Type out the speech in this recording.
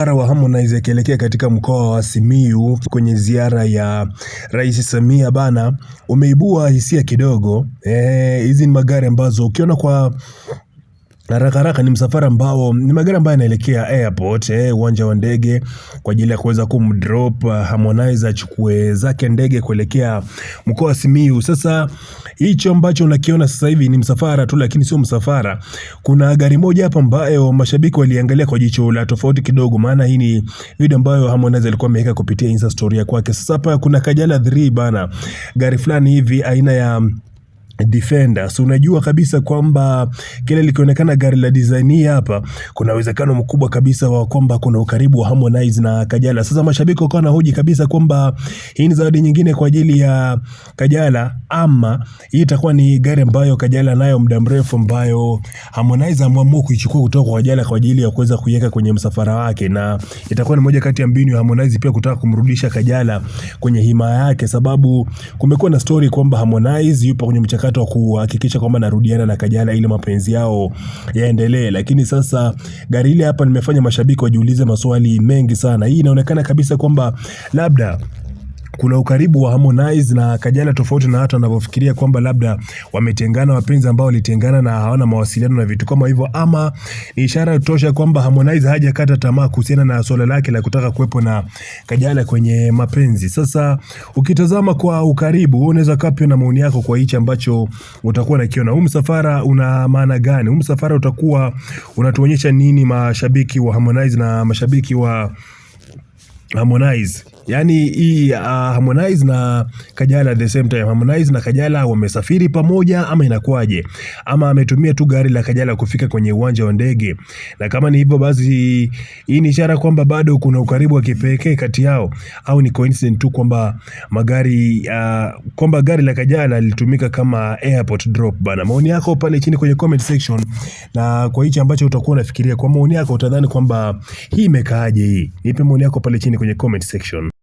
Mara wa Harmonize akielekea katika mkoa wa Simiyu kwenye ziara ya Rais Samia bana, umeibua hisia kidogo. Eh, hizi e, ni magari ambazo ukiona kwa Haraka haraka ni msafara ambao ni magari ambayo yanaelekea airport eh, uwanja wa ndege kwa ajili ya kuweza kumdrop uh, Harmonize achukue zake ndege kuelekea mkoa wa Simiyu. Sasa hicho ambacho unakiona sasa hivi ni msafara tu, lakini sio msafara. Kuna gari moja hapa ambayo mashabiki waliangalia kwa jicho la tofauti kidogo, maana hii ni video ambayo Harmonize alikuwa ameweka kupitia Insta story yake. Sasa hapa kuna Kajala 3 bana, gari fulani hivi aina ya defender. So unajua kabisa kwamba kile likionekana gari la design hii hapa, kuna uwezekano mkubwa kabisa wa kwamba kuna ukaribu wa Harmonize na Kajala. Sasa mashabiki wakawa hoji kabisa kwamba hii ni zawadi nyingine kwa ajili ya Kajala ama hii itakuwa ni gari ambayo Kajala nayo muda mrefu, ambayo Harmonize ameamua kuichukua kutoka kwa Kajala kwa ajili ya kuweza kuiweka kwenye msafara wake, na itakuwa ni moja kati ya mbinu ya Harmonize pia kutaka kumrudisha Kajala kwenye himaya yake, sababu kumekuwa na story kwamba Harmonize yupo kwenye mchakato mchakato wa kuhakikisha kwamba narudiana na Kajala ili mapenzi yao yaendelee. Lakini sasa gari ile hapa, nimefanya mashabiki wajiulize maswali mengi sana. Hii inaonekana kabisa kwamba labda kuna ukaribu wa Harmonize na Kajala, tofauti na watu wanavyofikiria kwamba labda wametengana, wapenzi ambao walitengana na hawana mawasiliano na vitu kama hivyo, ama ni ishara tosha kwamba Harmonize hajakata tamaa kuhusiana na swala lake la kutaka kuwepo na Kajala kwenye mapenzi. Sasa ukitazama kwa ukaribu, unaweza kapia na maoni yako kwa hichi ambacho utakuwa nakiona. Huu msafara una maana gani? Huu msafara utakuwa unatuonyesha nini, mashabiki wa Harmonize na mashabiki wa Harmonize yani hii uh, Harmonize na Kajala the same time. Harmonize na Kajala wamesafiri pamoja ama inakuwaje? Ama ametumia tu gari la Kajala kufika kwenye uwanja wa ndege? Na kama ni hivyo basi, hii ni ishara kwamba bado kuna ukaribu wa kipekee kati yao, au ni coincidence tu kwamba magari uh, kwamba gari la Kajala lilitumika kama airport drop bana. Maoni yako pale chini kwenye comment section, na kwa hichi ambacho utakuwa unafikiria, kwa maoni yako utadhani kwamba hii imekaaje hii. Nipe maoni yako pale chini. kwenye comment section.